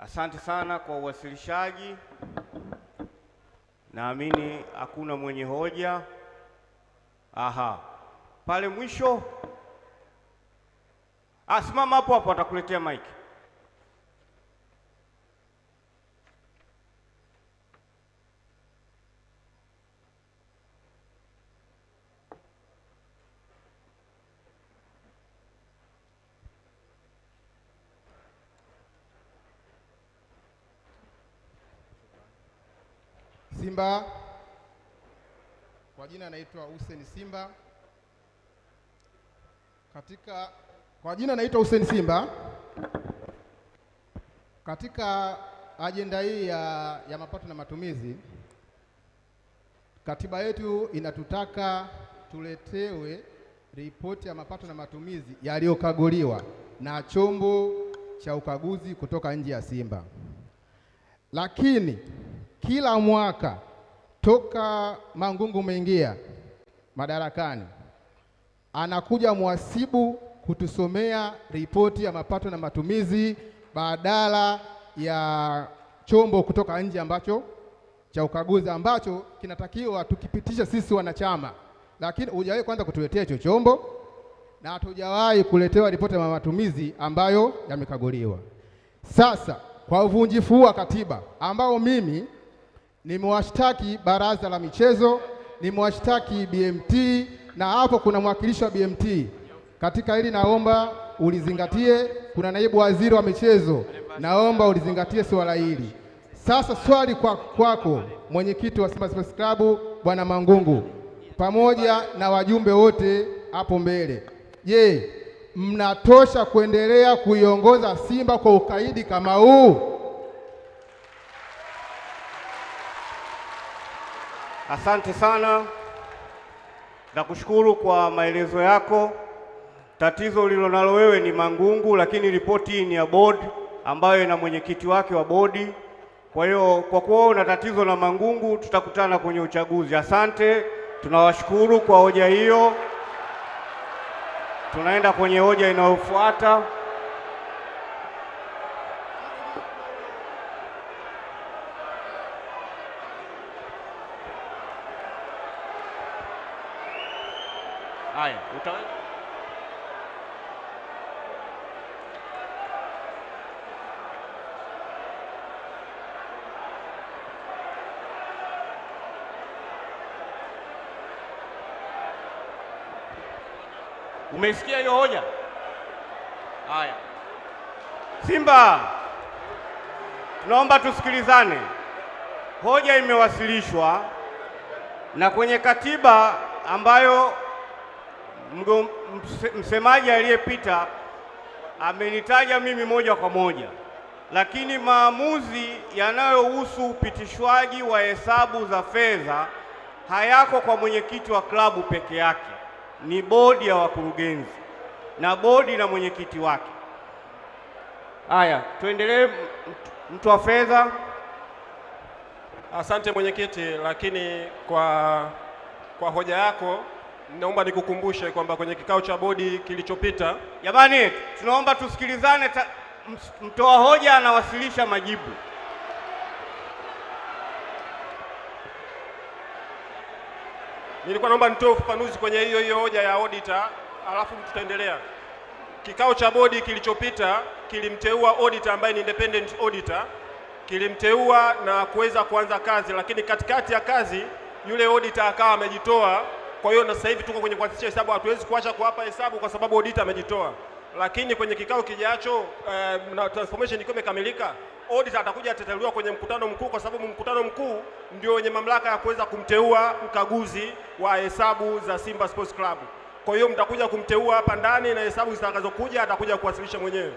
Asante sana kwa uwasilishaji. Naamini hakuna mwenye hoja. Aha, pale mwisho asimama ah, hapo hapo, atakuletea mike Simba. Kwa jina anaitwa Hussein Simba. Katika kwa jina naitwa Hussein Simba. Katika ajenda hii ya, ya mapato na matumizi, katiba yetu inatutaka tuletewe ripoti ya mapato na matumizi yaliyokaguliwa na chombo cha ukaguzi kutoka nje ya Simba, lakini kila mwaka toka Mangungu umeingia madarakani, anakuja mhasibu kutusomea ripoti ya mapato na matumizi badala ya chombo kutoka nje ambacho cha ukaguzi ambacho kinatakiwa tukipitisha sisi wanachama, lakini hujawahi kwanza kutuletea hicho chombo na hatujawahi kuletewa ripoti ya matumizi ambayo yamekaguliwa. Sasa kwa uvunjifu wa katiba ambao mimi nimewashtaki baraza la michezo, nimewashtaki BMT na hapo kuna mwakilishi wa BMT. Katika hili naomba ulizingatie, kuna naibu waziri wa michezo, naomba ulizingatie swala hili. Sasa swali kwa kwako mwenyekiti wa Simba Sports Club Bwana Mangungu pamoja na wajumbe wote hapo mbele, je, mnatosha kuendelea kuiongoza Simba kwa ukaidi kama huu? Asante sana na kushukuru kwa maelezo yako. Tatizo ulilonalo wewe ni Mangungu, lakini ripoti hii ni ya bodi ambayo ina mwenyekiti wake wa bodi. Kwa hiyo kwa kuwa una tatizo na Mangungu, tutakutana kwenye uchaguzi. Asante, tunawashukuru kwa hoja hiyo. Tunaenda kwenye hoja inayofuata. Haya, utaweza Umesikia hiyo hoja? Haya, Simba, tunaomba tusikilizane. Hoja imewasilishwa na kwenye katiba ambayo msemaji aliyepita amenitaja mimi moja kwa moja, lakini maamuzi yanayohusu upitishwaji wa hesabu za fedha hayako kwa mwenyekiti wa klabu peke yake, ni bodi ya wakurugenzi na bodi na mwenyekiti wake. Haya, tuendelee. Mtu wa fedha. Asante mwenyekiti, lakini kwa, kwa hoja yako Naomba nikukumbushe kwamba kwenye kikao cha bodi kilichopita, jamani, tunaomba tusikilizane, mtoa hoja anawasilisha majibu. Nilikuwa naomba nitoe ufafanuzi kwenye hiyo hiyo hoja ya auditor, alafu tutaendelea. Kikao cha bodi kilichopita kilimteua auditor ambaye ni independent auditor, kilimteua na kuweza kuanza kazi, lakini katikati ya kazi yule auditor akawa amejitoa kwa hiyo na sasa hivi tuko kwenye kuanzisha hesabu, hatuwezi kuacha kuwapa hesabu kwa sababu auditor amejitoa, lakini kwenye kikao kijacho eh, na transformation ikiwa imekamilika, auditor atakuja atateuliwa kwenye mkutano mkuu, kwa sababu mkutano mkuu ndio wenye mamlaka ya kuweza kumteua mkaguzi wa hesabu za Simba Sports Club. Kwa hiyo mtakuja kumteua hapa ndani na hesabu zitakazokuja atakuja kuwasilisha mwenyewe.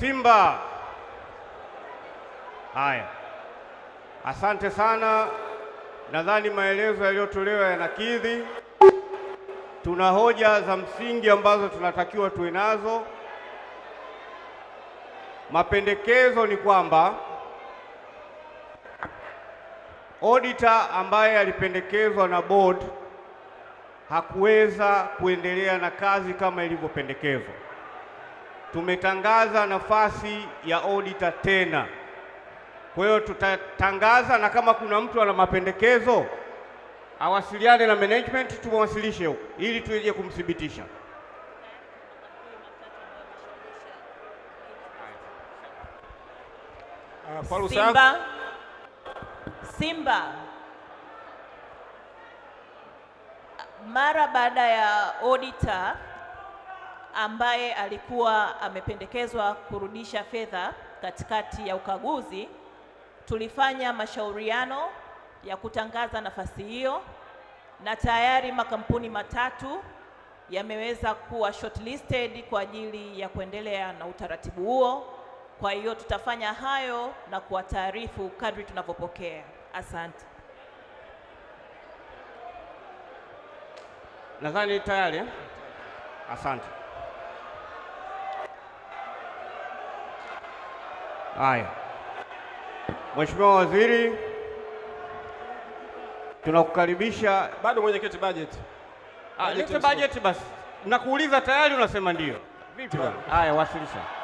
Simba. Haya. Asante sana. Nadhani maelezo yaliyotolewa yanakidhi. Tuna hoja za msingi ambazo tunatakiwa tuwe nazo. Mapendekezo ni kwamba auditor ambaye alipendekezwa na board hakuweza kuendelea na kazi kama ilivyopendekezwa. Tumetangaza nafasi ya auditor tena. Kwa hiyo tutatangaza, na kama kuna mtu ana mapendekezo awasiliane na management tumwasilishe huko ili tueje kumthibitisha. Uh, Simba, Simba mara baada ya auditor ambaye alikuwa amependekezwa kurudisha fedha katikati ya ukaguzi tulifanya mashauriano ya kutangaza nafasi hiyo na tayari makampuni matatu yameweza kuwa shortlisted kwa ajili ya kuendelea na utaratibu huo. Kwa hiyo tutafanya hayo na kuwataarifu kadri tunavyopokea. Asante. Nadhani tayari. Asante. Haya. Mheshimiwa Waziri, tunakukaribisha. Bado mwenyekiti, budget. Ah, budget basi. Nakuuliza tayari unasema ndio. Vipi bwana? Haya, wasilisha.